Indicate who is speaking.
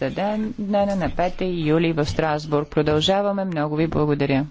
Speaker 1: заседание на 5 юли в Страсбург. Продължаваме. Много ви благодаря.